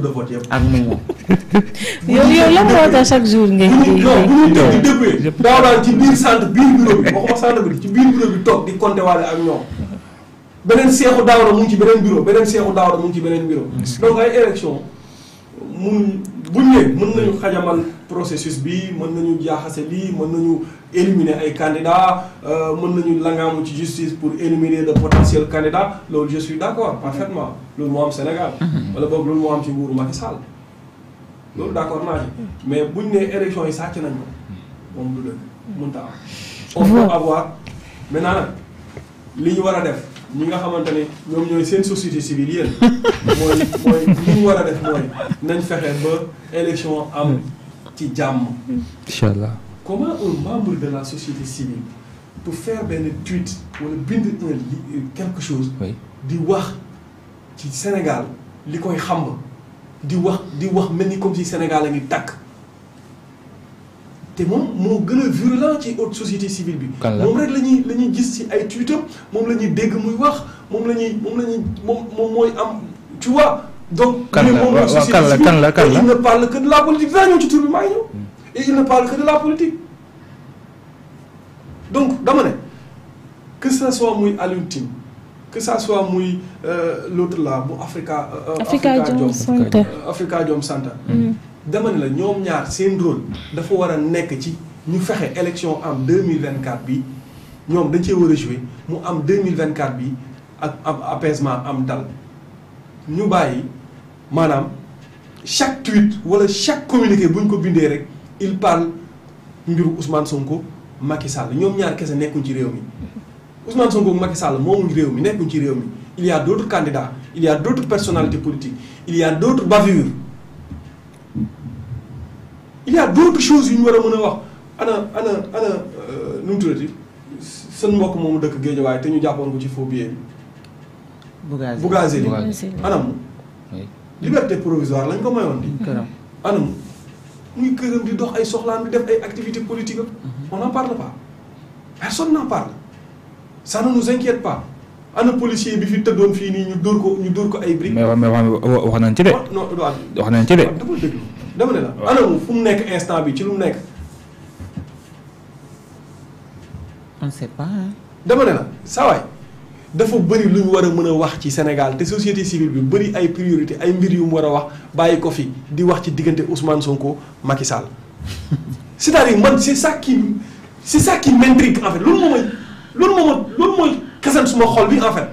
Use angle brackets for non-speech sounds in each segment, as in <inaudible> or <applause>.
de vote yëpp ak moom. <laughs> yow yow lan moo tax chaque jour ngay. di ci biir centre biir bi waxuma centre bi ci bi toog di compter waale ak ñoom beneen seexu daawara mu ngi ci beneen bureau beneen seexu daawara mu ngi ci beneen bureau. donc ay élection mun buñ ne mën nañu xajamal processus bi mën nañu jaaxase lii mën nañu éliminer ay candidats euh, mën nañu langaamu ci justice pour éliminer de potentiels candidats loolu je suis d' accord parfaitement loolu moo am Sénégal. Mhm. wala boog loolu moo am ci nguuru Macky Sall loolu d' accord naa ci mais buñ ne élection yi sàcc nañ ko moom du dëgg mënta am. on peut avoir maintenant nag li ñu war a def. ñi nga une société civile yéen élection comment un membre de la société civile pour faire benn tweet wala un euh, quelque chose. di wax ci Sénégal li koy di wax di wax ni comme si Sénégal ngi te moom moo gën virulent ci haute société civile bi. mom rek lañuy lañuy la gis ci ay tuitam mom lañuy dégg muy wax mom lañuy mom lañuy mom moy am tu vois. donc kan la kan la kan la kan la il ne parle que de la politique daa ñëw ci tour bi maa ngi hmm. et il ne parle que de la politique. donc dama né que ça soit muy Alioune que ça soit muy euh, l'autre là bu Africa. Euh, euh, Afrikajom Santa Afrikajom Santa. Hmm dama ne la ñoom ñaar seen rôle dafa war a nekk ci ñu faire élection en 2024 bi ñoom dañ cee war am 2024 bi ak apaisement am dal ñu bàyyi madame chaque tweet wala chaque communiqué que vous ko il parle de Ousmane Sonko Macky Sall ñoom ñaar kese nekkuñ ci réew mi Ousmane Sonko Macky Sall moomuñ réew mi il y a d'autres candidats il y a d'autres personnalités politiques il y a d'autres bavures il y a d'autres war a mën a wax ana ana ana euh, nu mu tuddati seen mbokk moomu dëkk Géejawaay te ñu jàppoon ko ci faux billet bi. Bougazelli anam liberté provisoire lañ ko mayoon di. anam muy këram di dox ay soxlaam di def ay activité politiques am. Mhm. on n'en parle pas personne n'en parle ça ne nous inquiète pas. ana policier bi fi tëddoon fii nii ñu dóor ko ñu dóor ko ay briques. mais wax mais wax nañ ci de. wax nañ ci de. dama ne la anamu fu mu nekk instant bi ci lu mu nekk. on sait pas. Hein. dama ne la saa waay dafa bëri lu ñu war a mën a wax ci Sénégal te société civile bi bëri ay priorité ay mbir yu mu war a wax bàyyi ko fi di wax ci diggante Ousmane Sonko Macky Sall <laughs> c'est-à-dire man c'est ça qui c'est ça qui m'intrigue en fait loolu moom mooy loolu moom loolu mooy kasan suma xol bi en fait.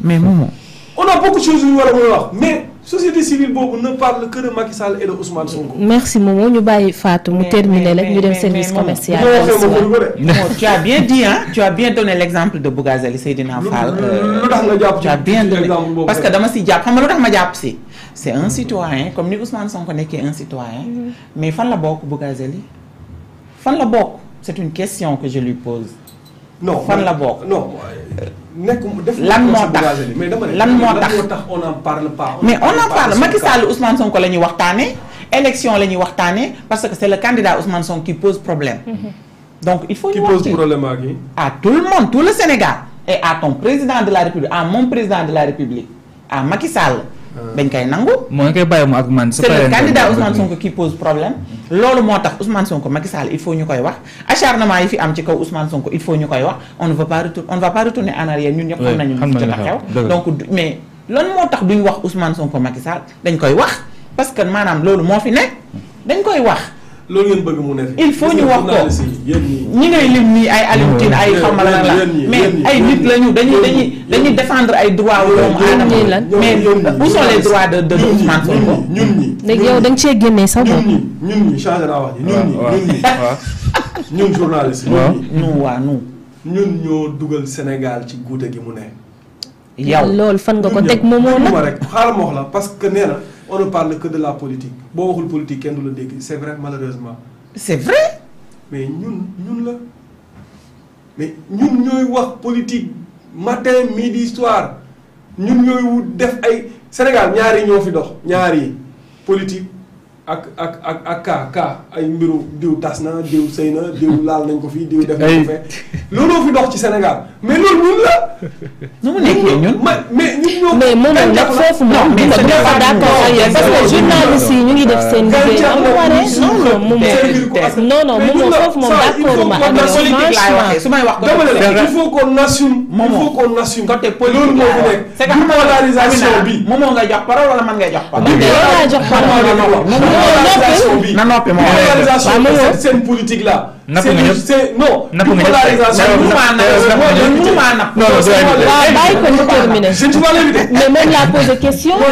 mais Momo. on a beaucoup de choses yu ñu war a mën a wax mais société civile boobu ne parle que de Macky et de Ousmane Sonko. merci Momo ñu baye Fatou mu terminer rek ñu dem service commercial. non tu as bien dit hein tu as bien donné l'exemple de Bougazali Seydina Fall. Euh, tu as bien donné parce que dama si ma un citoyen comme nous Ousmane Sonko n'est un citoyen. Mm-hmm. mais fan la bok Bougazali fan la bok C'est une question que je lui pose non fan la bok. non. nekkum def lan mo tax lan mo tax on n'en parle pas. mais on en parle Macky Sall Ousmane Sonko la ñuy waxtaanee. élection la ñuy parce que c'est le candidat Ousmane Sonko qui pose problème. Mhm. donc il faut ñu qui pose problème à à tout le monde tout le Sénégal. et à ton président de la République à mon président de la République à Macky Sall. dañ koy nangu. mooy koy bàyyi mu ak man. c'est le candidat Ousmane pose problème. loolu moo tax Ousmane Sonko Macky Sall il faut ñu koy wax acharnement yi fi am ci kaw Ousmane Sonko il faut ñu koy wax on ne va pas retour on va pas retourner en arrière ñun ñëpp xam nañu. xam nañu xew donc mais lan moo tax duñ wax Ousmane Sonko Macky Sall dañ koy wax parce que maanaam loolu moo fi nekk dañ koy wax. loolu ngeen bëgg mu ne il faut ñu wax ko ñi ngay lim nii ay Alioune Tine ay xamala la mais ay nit lañu dañuy dañuy ay droits wu doomu aadama mais bu sont les droits de de Ousmane Sonko ñun ñi léegi yow da nga cee génnee sa bopp ñun ñi ñun ñi changé naa wax ji ñun ñi ñun ñun ñoo dugal Sénégal ci guute gi mu ne parce que nous on ne parle que de la politique C'est politique vrai malheureusement. C'est vrai. mais nous, ñun la mais nous ñoy wax politique matin midi soir nous nous def ay Sénégal ñaari ñoo fi dox politique. ak ak ak ak kaa kaa ay mbiru diw tas na diw sëy na diw laal nañ ko fii diw def nañ ko fee looloo fi dox ci Sénégal mais loolu ñun la. nu mu nekkee ñun mais ñun ñoo. mais moom nag foofu moom du ma du ma d'accord ak yow parce que journaliste yi ñu ngi def seen liggéey am waree non non moom non non moom foofu moom d'accord ma am ah, su may wax dama ne il faut qu'on assume il faut qu'on assume côté politique loolu moo fi nekk c'est que polarisation bi moom moo ngay jox parole wala man ngay jox parole na noppi moom seen politique la napp nga ñëpp c' est non. napp nga ñëpp mais moom laa posé question. mais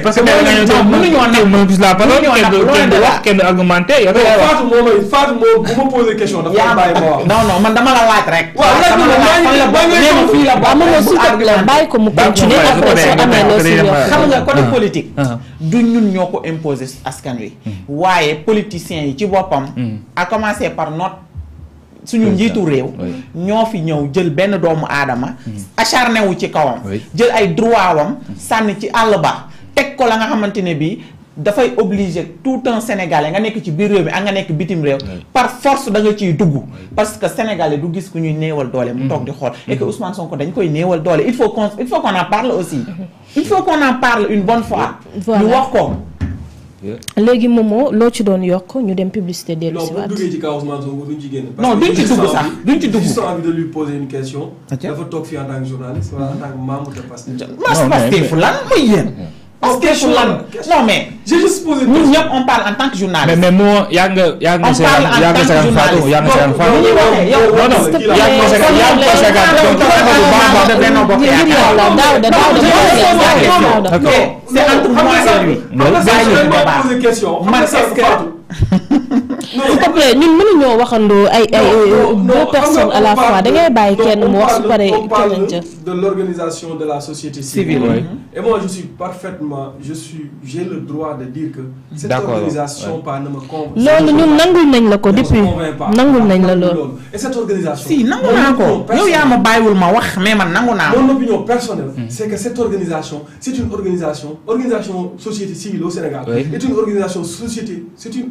parce que mënuñoo gis la parole kenn du wax kenn du argumenté. Fatou moo may Fatou moo bu ma posé question dafa bàyyi ma wax. non non man dama la laaj rek. waaw laaj la bàyyi ko mu continuer après soo amee loo si xam nga côté politique du ñun ñoo ko imposé proposer askan wi. waaye politiciens ci bopam a hmm. commencé par notre suñu njiitu réew. ñoo fi ñëw jël benn doomu aadama. Hmm. acharné wu ci kawam. jël ay droit wam hmm. sànni ci àll ba teg ko la nga obligé tout un sénégalais nga nekk ci biir rew mi nga nek bitim rew par force da nga ci dugg parce que sénégalais du gis ku ñuy néewal doole mu di xol et que Ousmane Sonko dañ koy néewal doole il faut qu'on il faut qu'on en parle aussi il faut qu'on en parle une bonne fois nous wax ko léegi moomoo loo ci doon yokk ñu dem publicité dellu si waat. non bu duggee ci kaw Ousmane Sonko duñ ci génn. sax duñ ci de lui poser une question. dafa toog fii que lan mooy parce que je non mais. j'ai juste posé question. Nous, on parle en tant que journaliste. mais mais Yang Yang, Yang c'est Yang Fado. Yang, c'est un, non non Yang, c'est un, non non s'il te plaît ñun mënuñoo waxandoo ay ay deux personnes à la fois da ngay bàyyi kenn mu wax su paree on de l'organisation de la société civile et moi je suis parfaitement je suis j'ai le droit de dire que cette organisation pas ne me convainc pas Non, ñun nangul nañ la ko depuis nangul nañ la loolu et cette organisation si nangu naa ko yow yaa ma bàyyiwul ma wax mais man nangu naa mon opinion personnelle mm. c'est que cette organisation c'est une organisation organisation société civile au Sénégal est une organisation société c'est une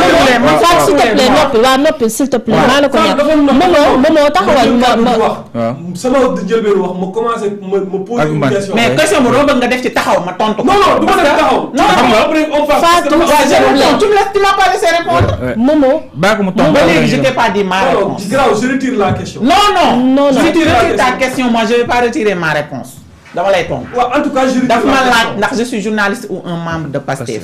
s'il te plaît noppi non noppi s'il te plaît maa la ko ñaan moom moo taxawal ma ma waaw sama njëlbeen wax ma commencé ma ma une question mais question bu doon bëgg nga def ci taxaw ma tontu ko non non du ma taxaw non non Fatou tu me laisses tu m'as pas laissé répondre Momo baa ko mu tontu ba léegi je t'ai pas dit ma réponse grave je retire la question non non non si tu retires ta question moi je vais pas retirer ma réponse dama lay tontu en tout cas je retire ma je suis journaliste ou un membre de PASTEF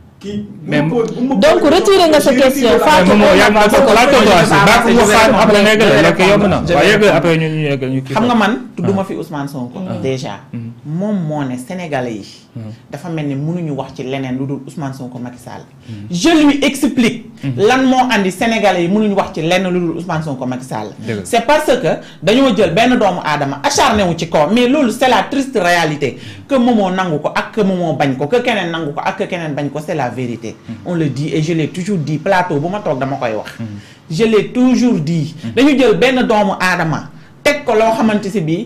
kii mais donc retiré nga sa question. Fatou moom yaa ngi ko laajtoo ko as. baax na Fatou yomb na waaye yëg après ñu ñu yëg ñu. xam nga man ah. tudduma fi Ousmane Sonko. Ah. déjà. Mon moo sénégalais yi. Hmm. dafa melni ni mënuñu wax ci lenen lu Ousmane Sonko Macky Sall. Hmm. je lui explique. Hmm. lan mo andi sénégalais yi mënuñu wax ci lenn lu Ousmane Sonko Macky Sall. C'est parce que dañu jël ben doomu adama acharné wu ci kaw mais loolu c'est la triste réalité que momo nanguko ak que moomoo bañ ko que kenen nanguko ak que keneen bañ ko c'est la vérité. on le dit et je l'ai toujours dit plateau bu ma toog dama koy wax. je l'ai toujours dit. dañu jël ben doomu adama tek ko lo xamante bi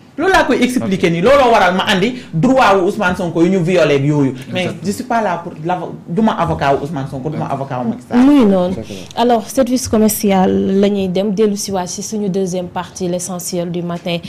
loolu laa koy expliquer ni lolo waral ma andi droit ou Ousmane Sonko ñu violer ak yooyu. mais je suis pas là pour duma avocat Ousmane Sonko duma avocat wu Macky Sall. muy noonu alors service commercial lañuy dem dellu ci waat si suñu deuxième partie l'essentiel du matin.